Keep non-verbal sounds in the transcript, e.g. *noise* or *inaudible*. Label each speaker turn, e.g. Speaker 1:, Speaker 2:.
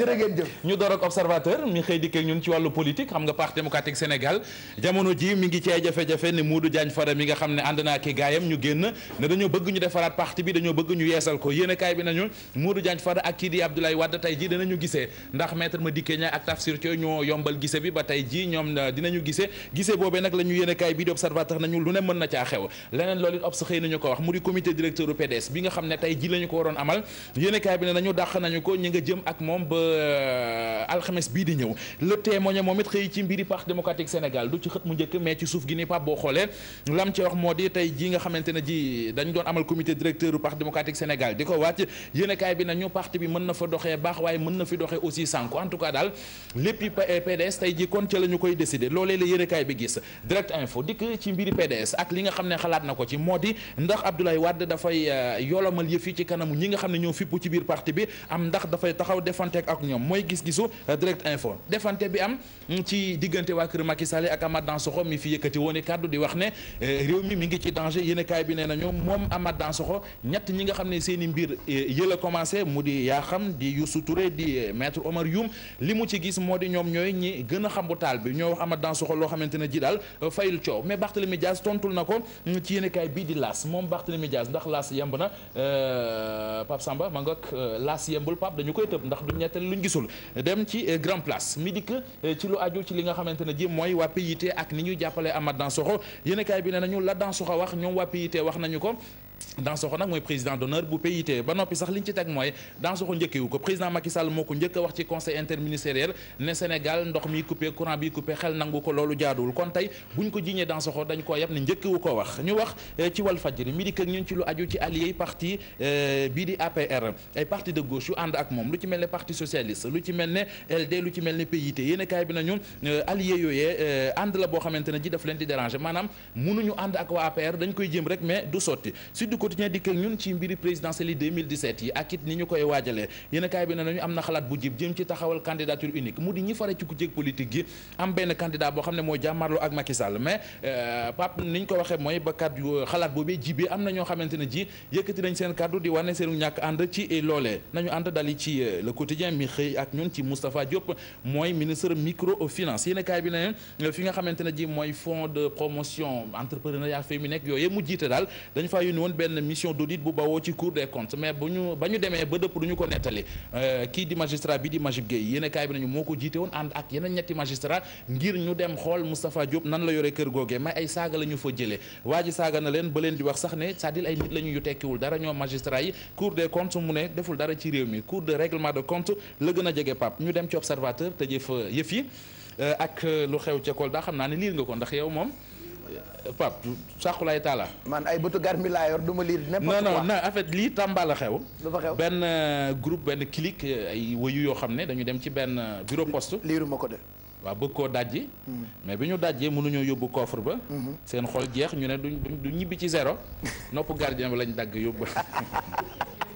Speaker 1: jërë ngeen jëf ñu door ak observateur mi xëy dikkee ñun ci wàllu politique xam nga parti démocratique Sénégal jamono ji mi ngi ci ay jafe-jafe ne Modou Diagne Fada mi nga xam ne ànd naa ki gaayam ñu génn ne dañoo bëgg ñu defaraat parti bi dañoo bëgg ñu yeesal ko yéen a kaay bi nañu Modou Diagne Fada ak kii di Abdoulaye Wade tey ji dinañu gisee ndax maître Madické Niang ak Tafsir Thioye ñoo yombal gise bi ba tey ji ñoom euh, dinañu gisee gisee boobee nag la ñu yéen bi di observateur nañu lu ne mën na caa xew leneen loolu it obs ne tey ji a kaay bi Euh, alxames bii di ñëw le témoigné moom it xëy ci mbiri parti démocratique Sénégal du ci xët mu njëkk mais ci suuf gi nii Pape boo xoolee lam ci wax moo di tey jii nga xamante ne ji dañ doon amal comité directeur du parti Sénégal di ko wàcc yéenekaay bi nañu parti bi mën na fa doxee baax waaye mën na fi doxee aussi sànku en tout daal lépp PDS tey jii kon ca la koy décider loolee la bi gis direct info dikk ci mbiri PDS ak li nga xam ne ak ñoom mooy gis-gisu euh, direct info defante bi am mm, ci diggante waa kër Macky Sall ak Amath Dansokho mi di wax ne euh, mi mi ngi ci danger yéen kaay bi nee moom Amath Dansokho ñett ñi nga xam ne seen i mbir euh, yëla commencé mu di yaa xam di Youssou Touré di maître Omar Youm li mu ci gis moo di ñoom ñooy ñi gën xam xambu taal bi ñoo wax Amath Dansokho loo xamante ne ji daal fayul coow mais Barthélémy Dias tontul na ko mm, ci yéen kaay bii di laas moom Barthélémy Dias ndax laas yemb na Pape Samba ma ngoog laas yembul Pape dañu koy tëb ndax du ñett lu luñ gisul dem ci euh, grand place mi dikk euh, ci lu aju ci li nga xamante ne ji mooy waa PIT ak ni ñuy jàppale Amath Dansokho yéenekaay bi ne nañu la Dansokho wax ñoom waa PIT wax nañu ko Dansokho nag mooy président d'honneur bu PIT ba noppi sax liñ ci teg mooy Dansokho njëkkewu ko président Macky Sall moo ko njëkk a wax ci conseil interministériel ne Sénégal ndox mi coupé courant bi coupé xel nangu ko loolu jaaduwul kon tey buñ ko jiñee Dansokho dañ koo yab ne njëkkewu ko wax ñu wax euh, ci Walf Fadjri mi di ñun ci lu aju ci allié parti euh, bii di APR ay parti de gauche yu ànd ak moom lu ci mel ne parti socialiste lu ci mel ne lu ci mel ne PIT yéen kaay bi nañu euh, allié yooyee ànd boo xamante ne ji daf leen di déranger maanaam mënuñu ànd ak waa APR dañ koy jëm rek Sud Quotidien dikk ak ñun ci mbiri présidentielle yi 2017 yi ak it a kaay mu xam ne mooy jàmmarloo ak Macky Sall euh, ni ñu ko waxee mooy ba kàddu euh, xalaat boobee jibee am na ñoo xamante ji yëkkati nañ seen kàddu di wane seenu ñàkk ànd ci loolee nañu ànd dali ci euh, le quotidien mi xëy ak ñun ci Moustapha Diop mooy ministre microfinance yéen a kaay bi ne fi nga xamante ne ji mooy fonds de promotion entrepreneuriat féminin yooyu mu jiite daal dañ faa yónni woon benn mission d'audit bu bawoo ci cour des comptes mais bu ñu ba ñu demee ba dëpp du ñu ko nettali euh, kii di magistrat bi di Majib Gueye yéen kaay bi nañu moo ko jiite woon ànd ak yeneen ñetti magistrat ngir ñu dem xool Moustapha Diop nan la yore kër googee may ay saaga la ñu fa jëlee waa ji saaga na leen ba leen di wax sax ne cest ay nit la ñu yu tekkiwul dara ñoom magistrat yi cour des comptes mu ne deful dara ci réew mi cour de règlement de compte la gën a jege pap ñu dem ci observateur tëjee fa yëf yi euh, ak lu xew ca Kolda xam naa ne liir nga ko ndax yow moom Pape Sakhulaye Talla. man ay bëtu garmi laa yor du ma lire n'importe quoi non non lii Tamba la xew. lu fa benn euh, groupe benn clique euh, ay wëyu yoo xam ne dañu dem ci benn euh, bureau poste. liiru ma ko de. waa bëgg koo dajj hmm. mais bi ñu dajjee mënuñoo yóbbu coffre ba. Hmm. seen xol jeex ñu ne duñ duñ ñibbi ci zéro *laughs* nopp gardien bi lañ dagg yóbbu. *laughs*